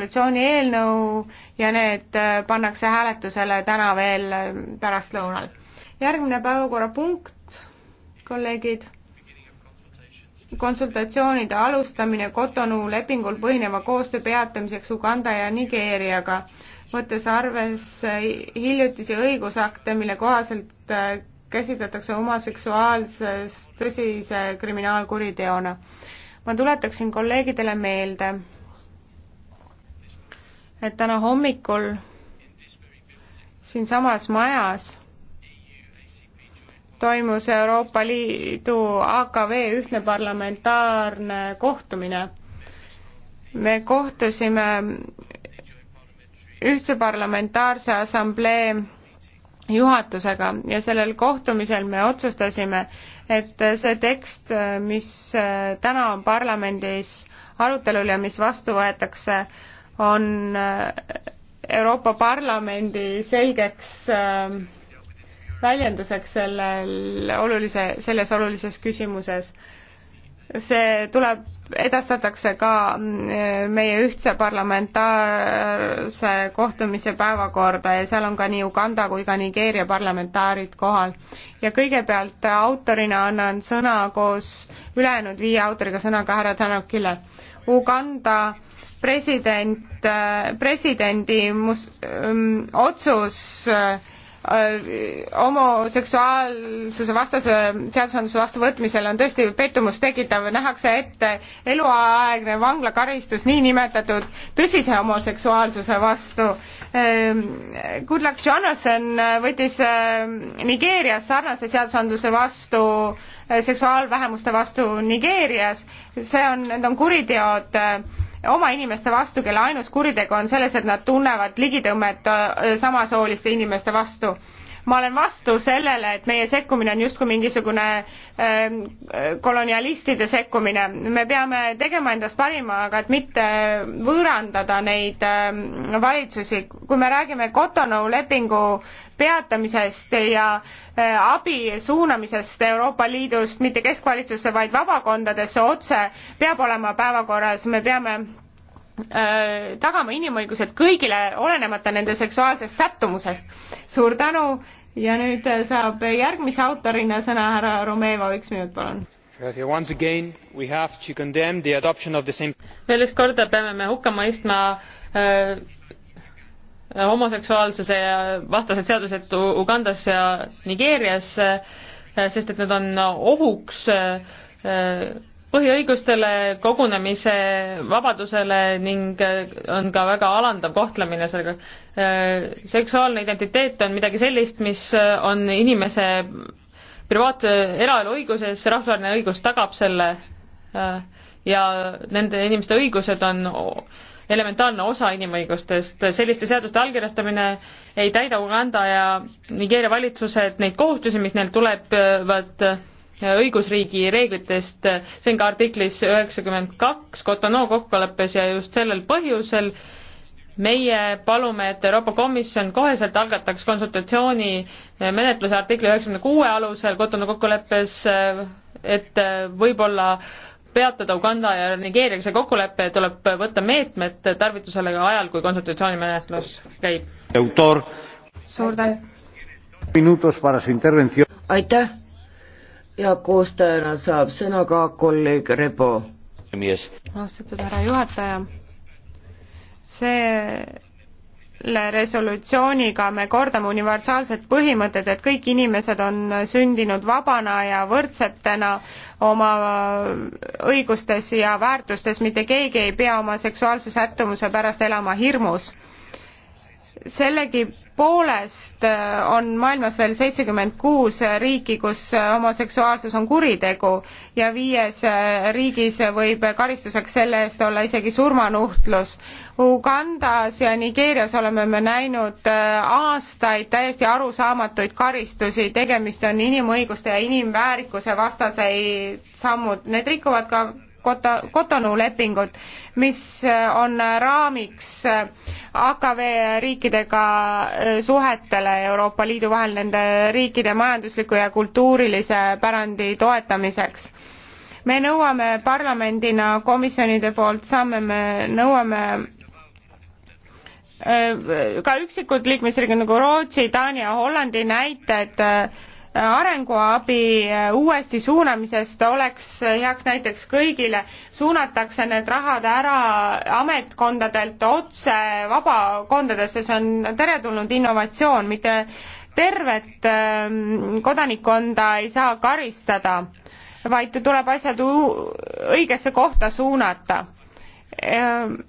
resolutsiooni eelnõu ja need äh, pannakse hääletusele täna veel äh, pärastlõunal. järgmine päevakorrapunkt, kolleegid, konsultatsioonide alustamine Cotonou lepingul põhineva koostöö peatamiseks Uganda ja Nigeeriaga, võttes arvesse hiljutisi õigusakte, mille kohaselt äh, käsitletakse homoseksuaalses tõsise kriminaalkuriteona. ma tuletaksin kolleegidele meelde, et täna hommikul siinsamas majas toimus Euroopa Liidu AKV ühtne parlamentaarne kohtumine. me kohtusime ühtse parlamentaarse assamblee juhatusega ja sellel kohtumisel me otsustasime, et see tekst, mis täna on parlamendis arutelul ja mis vastu võetakse, on äh, Euroopa Parlamendi selgeks ähm, väljenduseks sellel olulise, selles olulises küsimuses. see tuleb, edastatakse ka mm, äh, meie ühtse parlamentaarse kohtumise päevakorda ja seal on ka nii Uganda kui ka Nigeeria parlamentaarid kohal. ja kõigepealt autorina annan sõna koos ülejäänud viie autoriga sõna ka härra Tänakile. Uganda president, presidendi mus-, öö, ähm, otsus öö, äh, homoseksuaalsuse vastase seadusandluse vastuvõtmisel on tõesti pettumust tekitav, nähakse ette eluaegne vanglakaristus niinimetatud tõsise homoseksuaalsuse vastu. Ähm, Good luck Jonathan võttis ähm, Nigeerias sarnase seadusandluse vastu äh, seksuaalvähemuste vastu Nigeerias, see on, need on kuriteod äh, oma inimeste vastu, kelle ainus kuritegu on selles, et nad tunnevad ligitõmmet äh, samasooliste inimeste vastu ma olen vastu sellele, et meie sekkumine on justkui mingisugune ähm, kolonialistide sekkumine. me peame tegema endast parima, aga et mitte võõrandada neid ähm, valitsusi. kui me räägime Cotonou lepingu peatamisest ja äh, abi suunamisest Euroopa Liidust mitte keskvalitsusse, vaid vabakondadesse otse, peab olema päevakorras, me peame Äh, tagama inimõigused kõigile, olenemata nende seksuaalsest sättumusest. suur tänu ja nüüd äh, saab järgmise autorina sõna härra Romeva, üks minut palun. veel üks korda peame me hukka mõistma äh, homoseksuaalsuse vastased seadused Ugandas ja Nigeerias äh,, sest et need on ohuks äh, põhiõigustele, kogunemise vabadusele ning äh, on ka väga alandav kohtlemine sellega. Äh, seksuaalne identiteet on midagi sellist, mis äh, on inimese privaat-, eraelu õiguses, rahvusvaheline õigus tagab selle ja nende inimeste õigused on elementaarne osa inimõigustest. selliste seaduste allkirjastamine ei täida Uganda ja Nigeeria valitsused neid kohustusi, mis neil tulevad õigusriigi reeglitest, see on ka artiklis üheksakümmend kaks Cotonou kokkuleppes ja just sellel põhjusel meie palume, et Euroopa Komisjon koheselt algataks konsultatsiooni menetluse artikli üheksakümne kuue alusel Cotonou kokkuleppes, et võib-olla peatada Uganda ja Nigeeriaga see kokkulepe, tuleb võtta meetmed tarvitusele ka ajal, kui konsultatsioonimenetlus käib. suur tänu. aitäh ja koostajana saab sõna ka kolleeg Rebo. austatud härra juhataja, selle resolutsiooniga me kordame universaalset põhimõtet, et kõik inimesed on sündinud vabana ja võrdsetena oma õigustes ja väärtustes, mitte keegi ei pea oma seksuaalse sättumuse pärast elama hirmus sellegipoolest äh, on maailmas veel seitsekümmend kuus riiki, kus äh, homoseksuaalsus on kuritegu ja viies äh, riigis võib karistuseks selle eest olla isegi surmanuhtlus. Ugandas ja Nigeerias oleme me näinud aastaid täiesti arusaamatuid karistusi, tegemist on inimõiguste ja inimväärikuse vastaseid sammud, need rikuvad ka Kota-, Kotonu lepingut, mis äh, on äh, raamiks äh, AKV riikidega suhetele Euroopa Liidu vahel nende riikide majandusliku ja kultuurilise pärandi toetamiseks me nõuame parlamendina komisjonide poolt samme, me nõuame ka üksikud liikmesriigid nagu Rootsi, Taani ja Hollandi näited arenguabi äh, uuesti suunamisest oleks heaks näiteks kõigile, suunatakse need rahad ära ametkondadelt otse vabakondadesse, see on teretulnud innovatsioon, mitte tervet ähm, kodanikkonda ei saa karistada, vaid tuleb asjad õigesse kohta suunata. Ähm,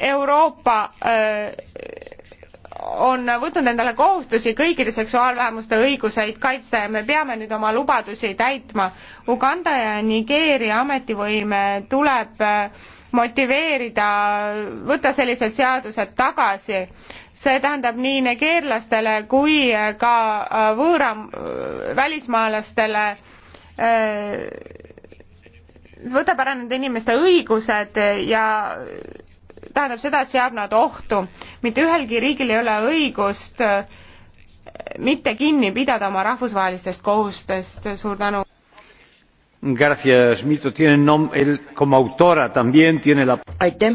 Euroopa äh, on võtnud endale kohustusi kõikide seksuaalvähemuste õiguseid kaitsta ja me peame nüüd oma lubadusi täitma. Uganda ja Nigeeria ametivõime tuleb äh, motiveerida, võtta sellised seadused tagasi. see tähendab nii nigeerlastele kui äh, ka äh, võõra, välismaalastele võtab ära nende inimeste õigused ja tähendab seda, et see jääb nad ohtu. mitte ühelgi riigil ei ole õigust eh, mitte kinni pidada oma rahvusvahelistest kohustest, suur tänu. aitäh.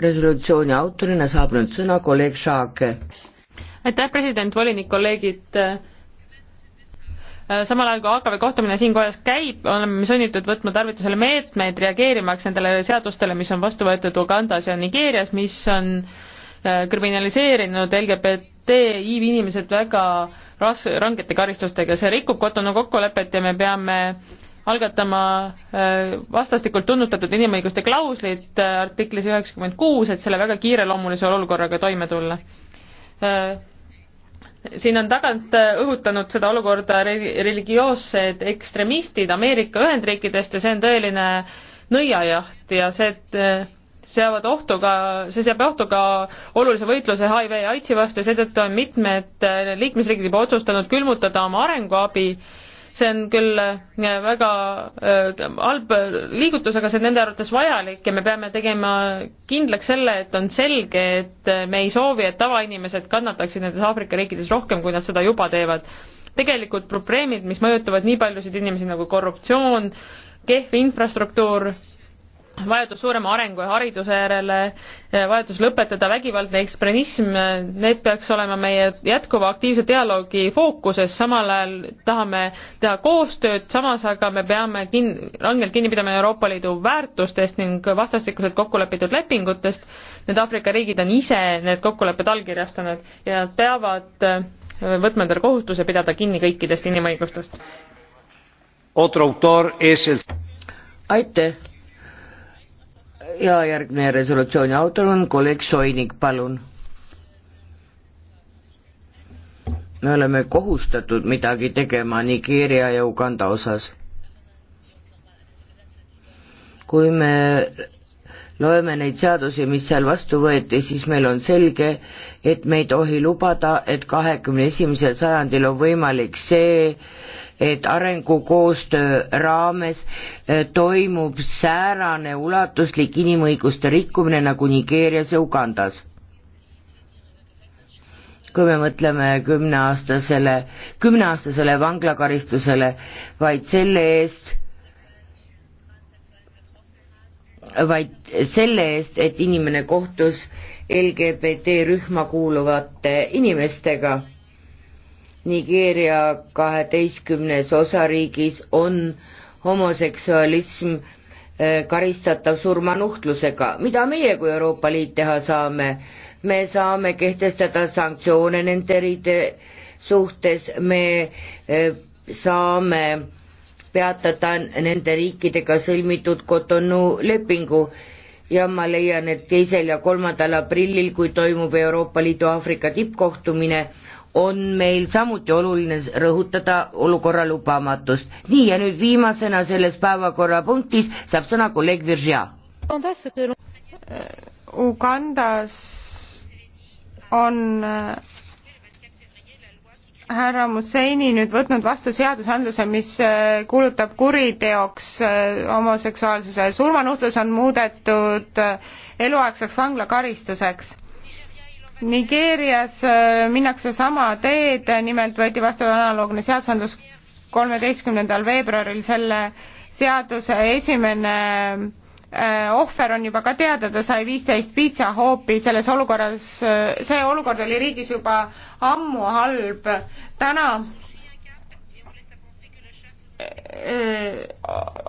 resolutsiooni autorina saab nüüd sõna kolleeg Šaake. aitäh, president, volinik, kolleegid Äh, samal ajal kui AKV kohtumine siin kohas käib, oleme sunnitud võtma tarvitusele meetmeid, reageerimaks nendele seadustele, mis on vastu võetud Ugandas ja Nigeerias, mis on äh, kriminaliseerinud LGBTI inimesed väga ras-, rangete karistustega, see rikub Cotonou kokkulepet ja me peame algatama äh, vastastikult tunnutatud inimõiguste klauslit artiklis üheksakümmend kuus, et selle väga kiireloomulise olukorraga toime tulla siin on tagant äh, õhutanud seda olukorda religioossed ekstremistid Ameerika Ühendriikidest ja see on tõeline nõiajaht ja see, et äh, seavad ohtu ka, see seab ohtu ka olulise võitluse HIV ja AIDSi vastu ja seetõttu on mitmed äh, liikmesriigid juba otsustanud külmutada oma arenguabi äh, see on küll äh, väga äh, halb liigutus, aga see on nende arvates vajalik ja me peame tegema kindlaks selle, et on selge, et äh, me ei soovi, et tavainimesed kannataksid nendes Aafrika riikides rohkem, kui nad seda juba teevad. tegelikult probleemid, mis mõjutavad nii paljusid inimesi nagu korruptsioon, kehv infrastruktuur, vajadus suurema arengu ja hariduse järele, vajadus lõpetada vägivaldne ekstremism, need peaks olema meie jätkuva aktiivse dialoogi fookuses, samal ajal tahame teha koostööd, samas aga me peame kin-, rangelt kinni pidama Euroopa Liidu väärtustest ning vastastikuselt kokku lepitud lepingutest, need Aafrika riigid on ise need kokkulepped allkirjastanud ja nad peavad äh, võtma endale kohustuse pidada kinni kõikidest inimõigustest. aitäh! ja järgmine resolutsiooni autor on kolleeg Soinik, palun. me oleme kohustatud midagi tegema Nigeeria ja Uganda osas. kui me loeme neid seadusi, mis seal vastu võeti, siis meil on selge, et me ei tohi lubada, et kahekümne esimesel sajandil on võimalik see, et arengukoostöö raames eh, toimub säärane ulatuslik inimõiguste rikkumine nagu Nigeerias ja Ugandas. kui me mõtleme kümneaastasele, kümneaastasele vanglakaristusele vaid selle eest, vaid selle eest, et inimene kohtus LGBT rühma kuuluvate inimestega Nigeeria kaheteistkümnes osariigis on homoseksualism eh, karistatav surmanuhtlusega. mida meie kui Euroopa Liit teha saame? me saame kehtestada sanktsioone nende riide suhtes, me eh, saame peatada nende riikidega sõlmitud Cotonou lepingu ja ma leian, et teisel ja kolmandal aprillil, kui toimub Euroopa Liidu Aafrika tippkohtumine, on meil samuti oluline rõhutada olukorra lubamatust. nii, ja nüüd viimasena selles päevakorrapunktis saab sõna kolleeg Viržia. Ugandas on äh, härra Musseini nüüd võtnud vastu seadusandluse, mis äh, kuulutab kuriteoks äh, homoseksuaalsuse. surmanuhtlus on muudetud eluaegseks vanglakaristuseks Nigeerias äh, minnakse sama teed, nimelt võeti vastu analoogne seadusandlus kolmeteistkümnendal veebruaril, selle seaduse esimene äh, ohver on juba ka teada, ta sai viisteist piitsahoopi, selles olukorras, äh, see olukord oli riigis juba ammu halb. täna öö,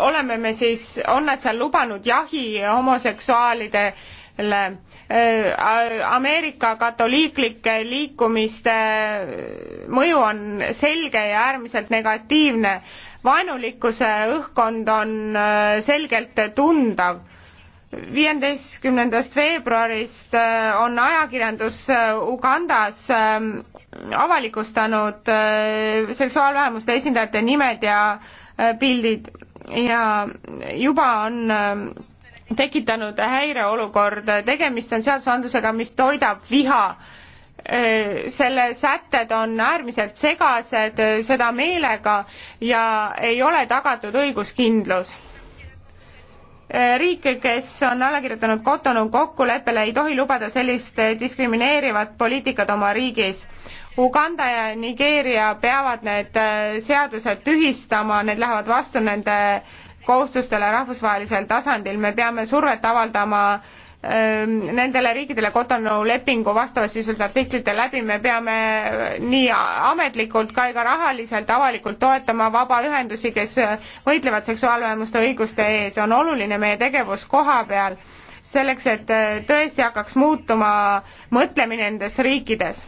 oleme me siis, on nad seal lubanud jahi homoseksuaalide Äh, Ameerika katoliiklike liikumiste äh, mõju on selge ja äärmiselt negatiivne. vaenulikkuse õhkkond on äh, selgelt tundav. viieteistkümnendast veebruarist on ajakirjandus Ugandas ähm, avalikustanud seksuaalvähemuste esindajate nimed ja pildid ja juba on ähm, tekitanud häireolukorda, tegemist on seadusandlusega, mis toidab viha. selle sätted on äärmiselt segased, seda meelega ja ei ole tagatud õiguskindlus riike, kes on alla kirjutanud Cotonou kokkuleppele, ei tohi lubada sellist diskrimineerivat poliitikat oma riigis. Uganda ja Nigeeria peavad need äh, seadused tühistama, need lähevad vastu nende kohustustele rahvusvahelisel tasandil, me peame survet avaldama ähm, nendele riikidele Cotonou lepingu vastavasisuliselt artiklite läbi me peame äh, nii ametlikult kui ka rahaliselt avalikult toetama vabaühendusi, kes äh, võitlevad seksuaalvähemuste õiguste ees, on oluline meie tegevus koha peal, selleks et äh, tõesti hakkaks muutuma mõtlemine nendes riikides.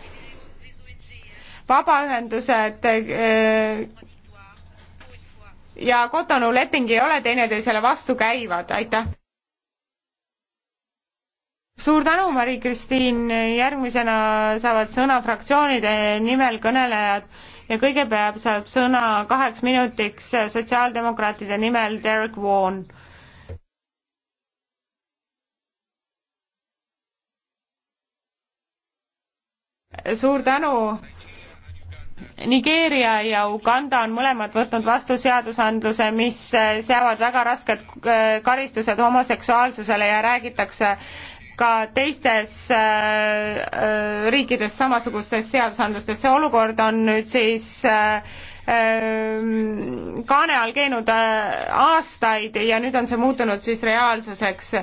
vabaühendused ja Cotonou leping ei ole teineteisele vastukäivad, aitäh! suur tänu, Mari-Kristiin, järgmisena saavad sõna fraktsioonide nimel kõnelejad ja kõigepealt saab sõna kaheks minutiks sotsiaaldemokraatide nimel Derek Vaughan. suur tänu Nigeeria ja Uganda on mõlemad võtnud vastu seadusandluse, mis äh, seavad väga rasked äh, karistused homoseksuaalsusele ja räägitakse ka teistes äh, riikides samasugustes seadusandlustes. see olukord on nüüd siis ähm, kaane all keenud aastaid ja nüüd on see muutunud siis reaalsuseks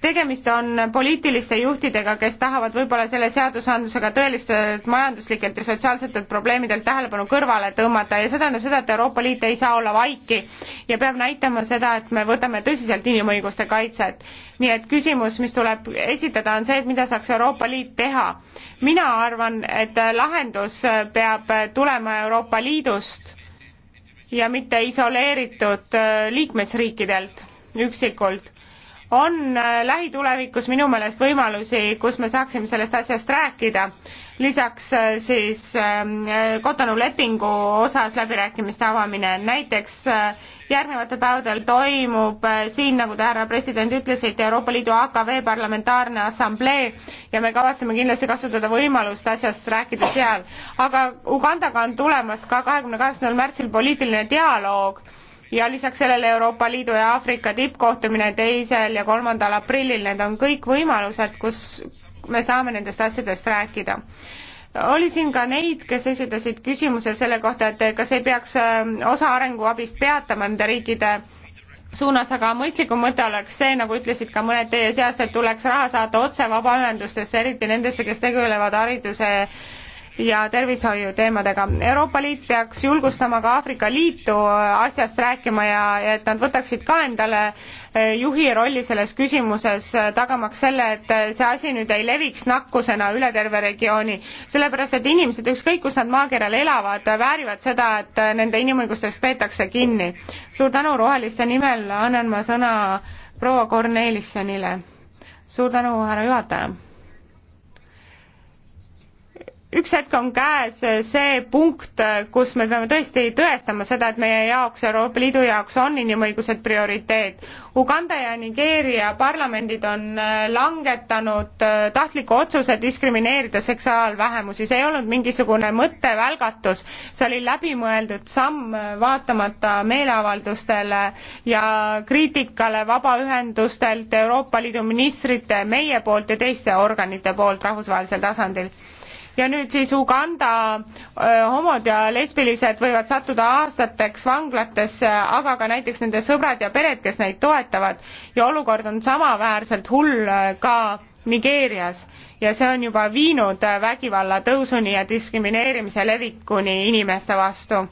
tegemist on poliitiliste juhtidega, kes tahavad võib-olla selle seadusandlusega tõelistelt majanduslikelt ja sotsiaalsetelt probleemidelt tähelepanu kõrvale tõmmata ja see tähendab seda, et Euroopa Liit ei saa olla vaiki ja peab näitama seda, et me võtame tõsiselt inimõiguste kaitset. nii et küsimus, mis tuleb esitada, on see, et mida saaks Euroopa Liit teha. mina arvan, et lahendus peab tulema Euroopa Liidust ja mitte isoleeritud liikmesriikidelt üksikult on äh, lähitulevikus minu meelest võimalusi, kus me saaksime sellest asjast rääkida, lisaks äh, siis Kotonu ähm, lepingu osas läbirääkimiste avamine, näiteks äh, järgnevatel päevadel toimub siin, nagu te, härra president, ütlesite, Euroopa Liidu AKV Parlamentaarne Assamblee ja me kavatseme kindlasti kasutada võimalust asjast rääkida seal. aga Ugandaga on tulemas ka kahekümne kaheksandal märtsil poliitiline dialoog ja lisaks sellele Euroopa Liidu ja Aafrika tippkohtumine teisel ja kolmandal aprillil, need on kõik võimalused, kus me saame nendest asjadest rääkida oli siin ka neid, kes esitasid küsimuse selle kohta, et kas ei peaks ähm, osa arenguabist peatama nende riikide suunas, aga mõistlikum mõte oleks see, nagu ütlesid ka mõned teie seast, et tuleks raha saata otse vabaühendustesse, eriti nendesse, kes tegelevad hariduse ja tervishoiuteemadega. Euroopa Liit peaks julgustama ka Aafrika Liitu äh, asjast rääkima ja, ja et nad võtaksid ka endale äh, juhi rolli selles küsimuses, äh, tagamaks selle, et see asi nüüd ei leviks nakkusena üle terve regiooni. sellepärast, et inimesed, ükskõik kus nad maakeral elavad, väärivad seda, et nende inimõigustest peetakse kinni. suur tänu roheliste nimel, annan ma sõna proua Kornelissonile. suur tänu, härra juhataja üks hetk on käes see punkt, kus me peame tõesti tõestama seda, et meie jaoks, Euroopa Liidu jaoks on inimõigused prioriteet. Uganda ja Nigeeria parlamendid on äh, langetanud äh, tahtliku otsuse diskrimineerida seksuaalvähemusi, see ei olnud mingisugune mõttevälgatus, see oli läbimõeldud samm, äh, vaatamata meeleavaldustele ja kriitikale vabaühendustelt, Euroopa Liidu ministrite, meie poolt ja teiste organite poolt rahvusvahelisel tasandil ja nüüd siis Uganda homod ja lesbilised võivad sattuda aastateks vanglatesse, aga ka näiteks nende sõbrad ja pered, kes neid toetavad ja olukord on samaväärselt hull ka Nigeerias ja see on juba viinud vägivalla tõusuni ja diskrimineerimise levikuni inimeste vastu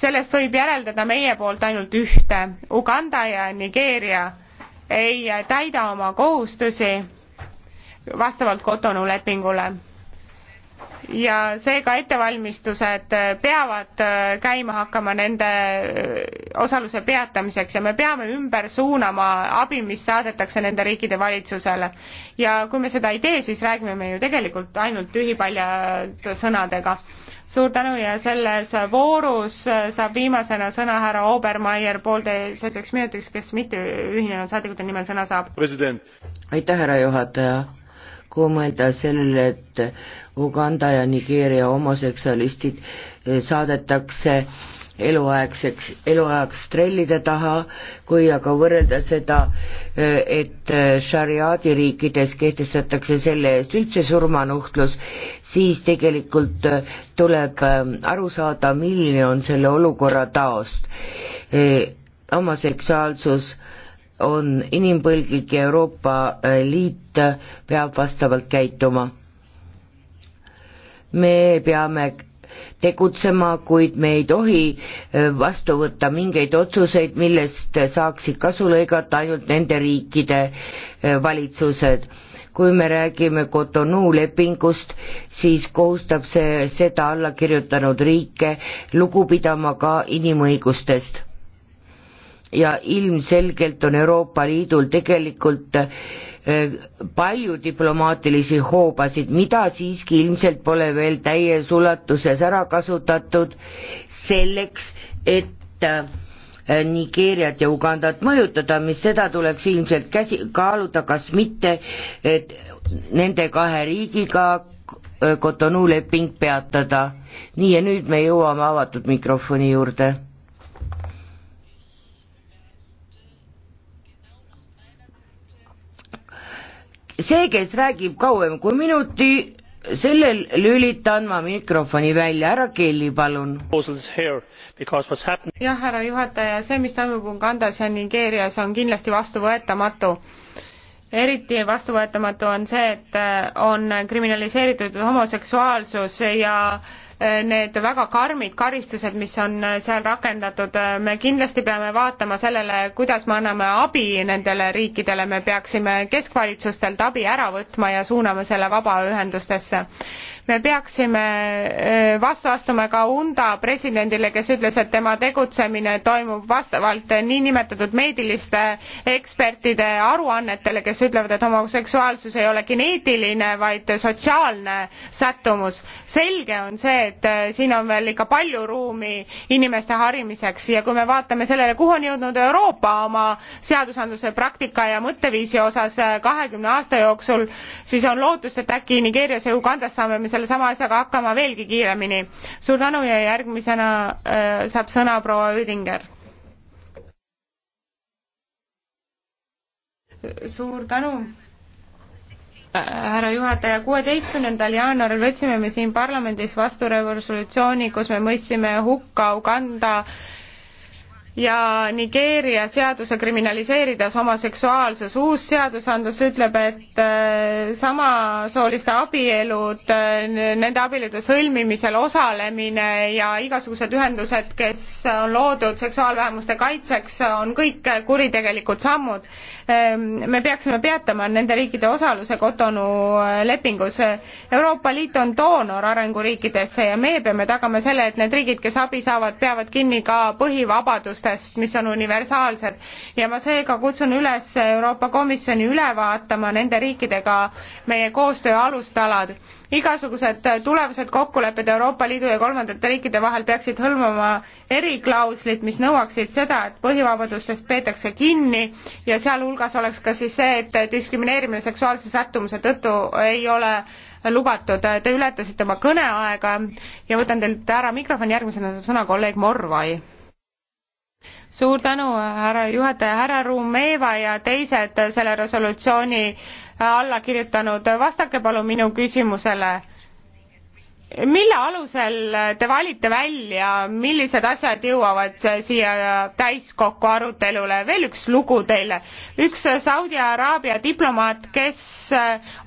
sellest võib järeldada meie poolt ainult ühte. Uganda ja Nigeeria ei täida oma kohustusi vastavalt Cotonou lepingule ja seega ettevalmistused peavad äh, käima hakkama nende äh, osaluse peatamiseks ja me peame ümber suunama abi, mis saadetakse nende riikide valitsusele. ja kui me seda ei tee, siis räägime me ju tegelikult ainult tühipaljade sõnadega. suur tänu ja selles voorus äh, saab viimasena sõna härra Obermeier poolteiseks minutiks, kes mitte ühinenud saadikute nimel sõna saab. aitäh, härra juhataja kui mõelda sellele, et Uganda ja Nigeeria homoseksualistid eh, saadetakse eluaegseks, eluaegs trellide taha, kui aga võrrelda seda, eh, et eh, šariaadi riikides kehtestatakse selle eest üldse surmanuhtlus, siis tegelikult tuleb aru saada, milline on selle olukorra taust. homoseksuaalsus äh, on inimpõlglik ja Euroopa äh, Liit äh, peab vastavalt käituma. me peame tegutsema, kuid me ei tohi äh, vastu võtta mingeid otsuseid, millest saaksid kasu lõigata ainult nende riikide valitsused. kui me räägime Cotonou lepingust, siis kohustab see seda alla kirjutanud riike lugu pidama ka inimõigustest ja ilmselgelt on Euroopa Liidul tegelikult eh, palju diplomaatilisi hoobasid, mida siiski ilmselt pole veel täies ulatuses ära kasutatud selleks, et eh, Nigeeriat ja Ugandat mõjutada, mis seda tuleks ilmselt käsi, kaaluda, kas mitte, et nende kahe riigiga eh, Cotonou leping peatada. nii ja nüüd me jõuame avatud mikrofoni juurde see, kes räägib kauem kui minuti, sellel lülitan ma mikrofoni välja, härra Kelly, palun. jah, härra juhataja, see, mis toimub Ugandas ja Nigeerias, on kindlasti vastuvõetamatu. eriti vastuvõetamatu on see, et eh, on kriminaliseeritud homoseksuaalsus ja äh, Eh, need väga karmid karistused, mis on eh, seal rakendatud, eh, me kindlasti peame vaatama sellele, kuidas me anname abi nendele riikidele, me peaksime keskvalitsustelt abi ära võtma ja suunama selle vabaühendustesse me peaksime äh, vastu astuma ka UNDA presidendile, kes ütles, et tema tegutsemine toimub vastavalt niinimetatud meediliste ekspertide aruannetele, kes ütlevad, et homoseksuaalsus ei ole geneetiline, vaid sotsiaalne sättumus. selge on see, et äh, siin on veel ikka palju ruumi inimeste harimiseks ja kui me vaatame sellele, kuhu on jõudnud Euroopa oma seadusandluse praktika ja mõtteviisi osas äh, kahekümne aasta jooksul, siis on lootust, et äkki Nigeerias ja Ugandas saame me sellesama asjaga hakkama veelgi kiiremini. suur tänu ja järgmisena äh, saab sõna proua Ödinger. suur tänu äh, härra juhataja, kuueteistkümnendal jaanuaril võtsime me siin parlamendis vastu resolutsiooni, kus me mõistsime hukka Uganda äh, ja Nigeeria seaduse kriminaliseerides homoseksuaalsus. uus seadusandlus ütleb, et äh, samasooliste abielud, äh, nende abielude sõlmimisel osalemine ja igasugused ühendused, kes on loodud seksuaalvähemuste kaitseks, on kõik kuritegelikud sammud. Ähm, me peaksime peatama nende riikide osaluse Cotonou äh, lepingus. Euroopa Liit on doonor arenguriikidesse ja meie peame tagama selle, et need riigid, kes abi saavad, peavad kinni ka põhivabadust õigustest, mis on universaalsed. ja ma seega kutsun üles Euroopa Komisjoni üle vaatama nende riikidega meie koostöö alustalad. igasugused tulevased kokkulepped Euroopa Liidu ja kolmandate riikide vahel peaksid hõlmama eriklauslit, mis nõuaksid seda, et põhivabadustest peetakse kinni ja sealhulgas oleks ka siis see, et diskrimineerimine seksuaalse sättumuse tõttu ei ole lubatud. Te ületasite oma kõneaega ja võtan teilt ära mikrofoni, järgmisena saab sõna kolleeg Morvai suur tänu, härra juhataja, härra Rumeva ja teised selle resolutsiooni alla kirjutanud, vastake palun minu küsimusele mille alusel te valite välja, millised asjad jõuavad siia täiskokku arutelule? veel üks lugu teile. üks Saudi Araabia diplomaat, kes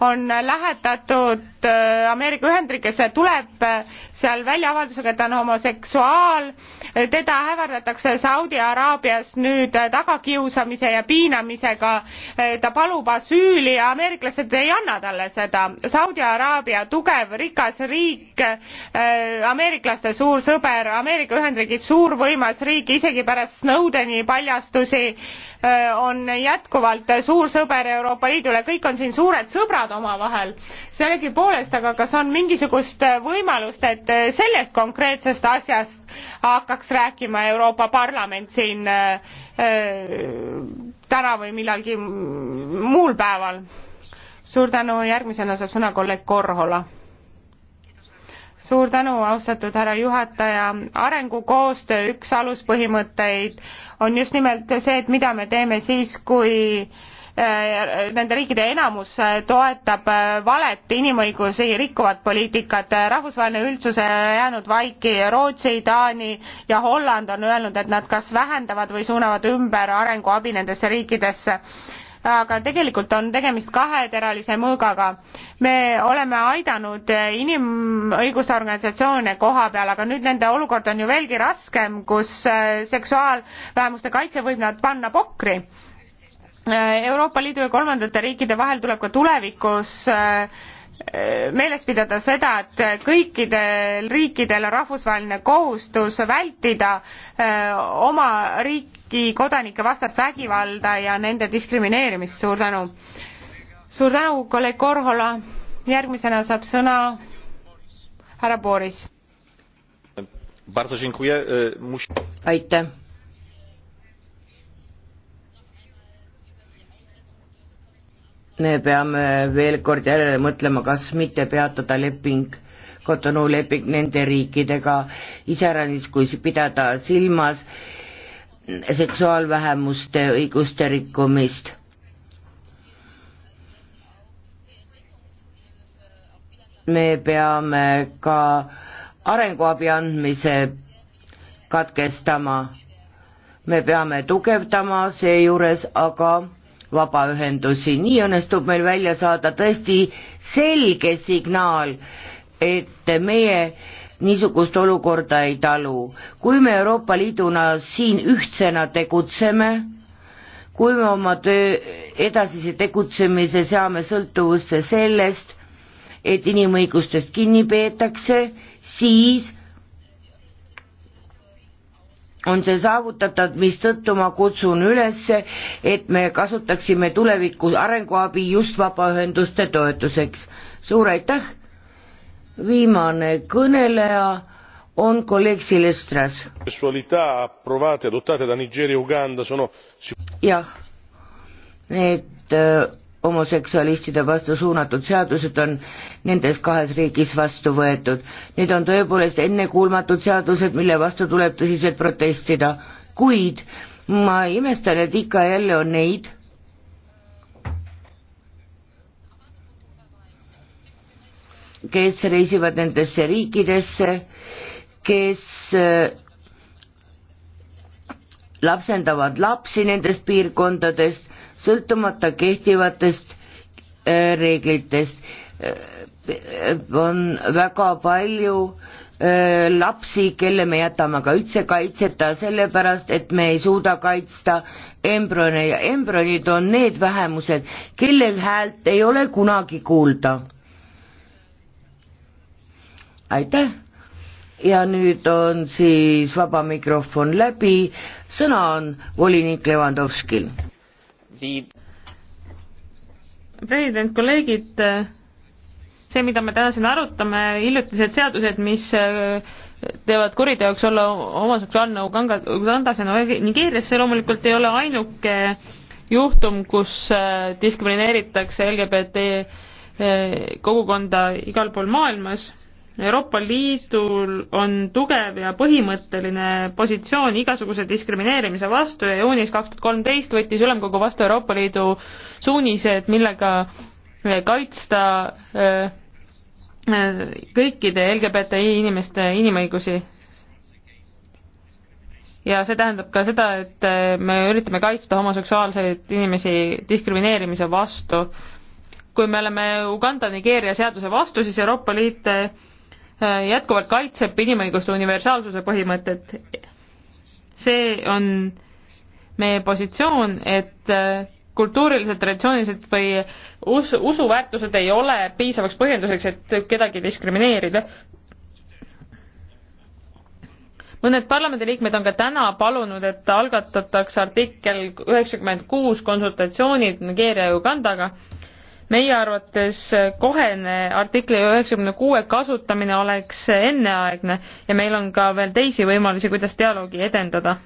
on lähetatud äh, Ameerika Ühendriikesse, tuleb äh, seal välja avaldusega, et ta on homoseksuaal. teda ähvardatakse Saudi Araabias nüüd äh, tagakiusamise ja piinamisega. ta palub asüüli ja ameeriklased ei anna talle seda. Saudi Araabia, tugev, rikas riik, Äh, ameeriklaste suur sõber, Ameerika Ühendriigid suur võimas riik, isegi pärast Snowdeni paljastusi äh, on jätkuvalt suur sõber Euroopa Liidule, kõik on siin suured sõbrad omavahel. sellegipoolest, aga kas on mingisugust võimalust, et sellest konkreetsest asjast hakkaks rääkima Euroopa Parlament siin äh, täna või millalgi muul päeval? suur tänu, järgmisena saab sõna kolleeg Korhola suur tänu, austatud härra juhataja, arengukoostöö üks aluspõhimõtteid on just nimelt see, et mida me teeme siis, kui äh, nende riikide enamus toetab äh, valet inimõigusi rikkuvat poliitikat. rahvusvaheline üldsus on jäänud vaiki, Rootsi, Taani ja Holland on öelnud, et nad kas vähendavad või suunavad ümber arenguabi nendesse riikidesse aga tegelikult on tegemist kaheteralise mõõgaga. me oleme aidanud inimõiguste organisatsioone koha peal, aga nüüd nende olukord on ju veelgi raskem, kus äh, seksuaalvähemuste kaitse võib nad panna pokri äh, Euroopa Liidu ja kolmandate riikide vahel tuleb ka tulevikus äh, meeles pidada seda, et kõikidel riikidel on rahvusvaheline kohustus vältida äh, oma riiki kodanike vastast vägivalda ja nende diskrimineerimist, suur tänu. suur tänu, kolleeg Korhola, järgmisena saab sõna härra Boris. aitäh me peame veel kord järele mõtlema, kas mitte peatada leping, Cotonou leping nende riikidega, iseäranis kui pidada silmas seksuaalvähemuste õiguste rikkumist. me peame ka arenguabi andmise katkestama, me peame tugevdama seejuures aga vabaühendusi, nii õnnestub meil välja saada tõesti selge signaal, et meie niisugust olukorda ei talu. kui me Euroopa Liiduna siin ühtsena tegutseme, kui me oma töö edasise tegutsemise seame sõltuvusse sellest, et inimõigustest kinni peetakse, siis on see saavutatud, mistõttu ma kutsun üles, et me kasutaksime tulevikus arenguabi just vabaühenduste toetuseks. suur aitäh, viimane kõneleja on kolleeg Silestras. E jah, need homoseksualistide vastu suunatud seadused on nendes kahes riigis vastu võetud. Need on tõepoolest ennekuulmatud seadused, mille vastu tuleb tõsiselt protestida, kuid ma imestan, et ikka ja jälle on neid, kes reisivad nendesse riikidesse, kes äh, lapsendavad lapsi nendest piirkondadest sõltumata kehtivatest äh, reeglitest. Äh, on väga palju äh, lapsi, kelle me jätame ka üldse kaitseta, sellepärast et me ei suuda kaitsta embrüone ja embrüonid on need vähemused, kellel häält ei ole kunagi kuulda. aitäh! ja nüüd on siis vaba mikrofon läbi, sõna on volinik Levandovskil president, kolleegid, see, mida me täna siin arutame, hiljutised seadused, mis äh, teevad kuriteoks olla homoseksuaalne Uganda, Ugandas ja Nigeerias, see loomulikult ei ole ainuke juhtum, kus äh, diskrimineeritakse LGBT äh, kogukonda igal pool maailmas Euroopa Liidul on tugev ja põhimõtteline positsioon igasuguse diskrimineerimise vastu ja juunis kaks tuhat kolmteist võttis ülemkogu vastu Euroopa Liidu suunised, millega eh, kaitsta eh, eh, kõikide LGBTI inimeste inimõigusi. ja see tähendab ka seda, et me üritame kaitsta homoseksuaalseid inimesi diskrimineerimise vastu. kui me oleme Uganda-Nigeeria seaduse vastu, siis Euroopa Liit jätkuvalt kaitseb inimõiguste universaalsuse põhimõtet. see on meie positsioon, et äh, kultuurilised, traditsioonilised või us-, usuväärtused ei ole piisavaks põhjenduseks, et kedagi diskrimineerida. mõned parlamendiliikmed on ka täna palunud, et algatatakse artikkel üheksakümmend kuus konsultatsioonid Nigeeria ja Ugandaga meie arvates kohene artikli üheksakümne kuue kasutamine oleks enneaegne ja meil on ka veel teisi võimalusi, kuidas dialoogi edendada.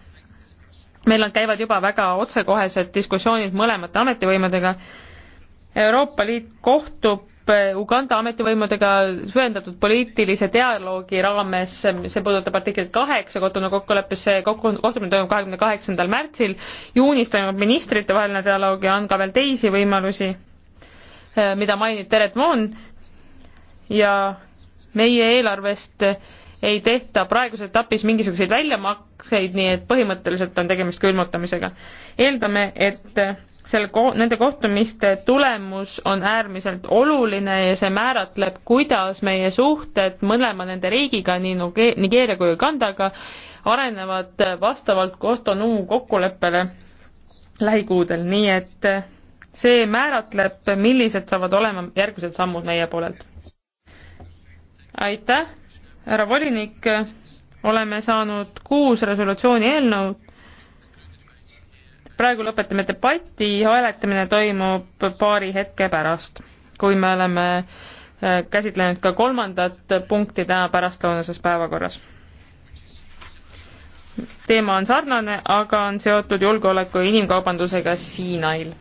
meil on, käivad juba väga otsekohesed diskussioonid mõlemate ametivõimudega. Euroopa Liit kohtub Uganda ametivõimudega süvendatud poliitilise dialoogi raames, see puudutab artiklit kaheksa Kotona kokkuleppes, see kokku, kohtumine toimub kahekümne kaheksandal märtsil, juunis toimub ministritevaheline dialoog ja on ka veel teisi võimalusi Äh, mida mainis Teret Moon ja meie eelarvest ei tehta praeguses etapis mingisuguseid väljamakseid, nii et põhimõtteliselt on tegemist külmutamisega. eeldame, et äh, selle ko-, nende kohtumiste tulemus on äärmiselt oluline ja see määratleb, kuidas meie suhted mõlema nende riigiga, nii Nigeeria kui Ugandaga, arenevad äh, vastavalt Cotonou kokkuleppele lähikuudel, nii et see määratleb, millised saavad olema järgmised sammud meie poolelt. aitäh, härra volinik, oleme saanud kuus resolutsiooni eelnõu. praegu lõpetame debati, hääletamine toimub paari hetke pärast, kui me oleme äh, käsitlenud ka kolmandat punkti täna pärastlõunases päevakorras. teema on sarnane, aga on seotud julgeoleku ja inimkaubandusega Siinail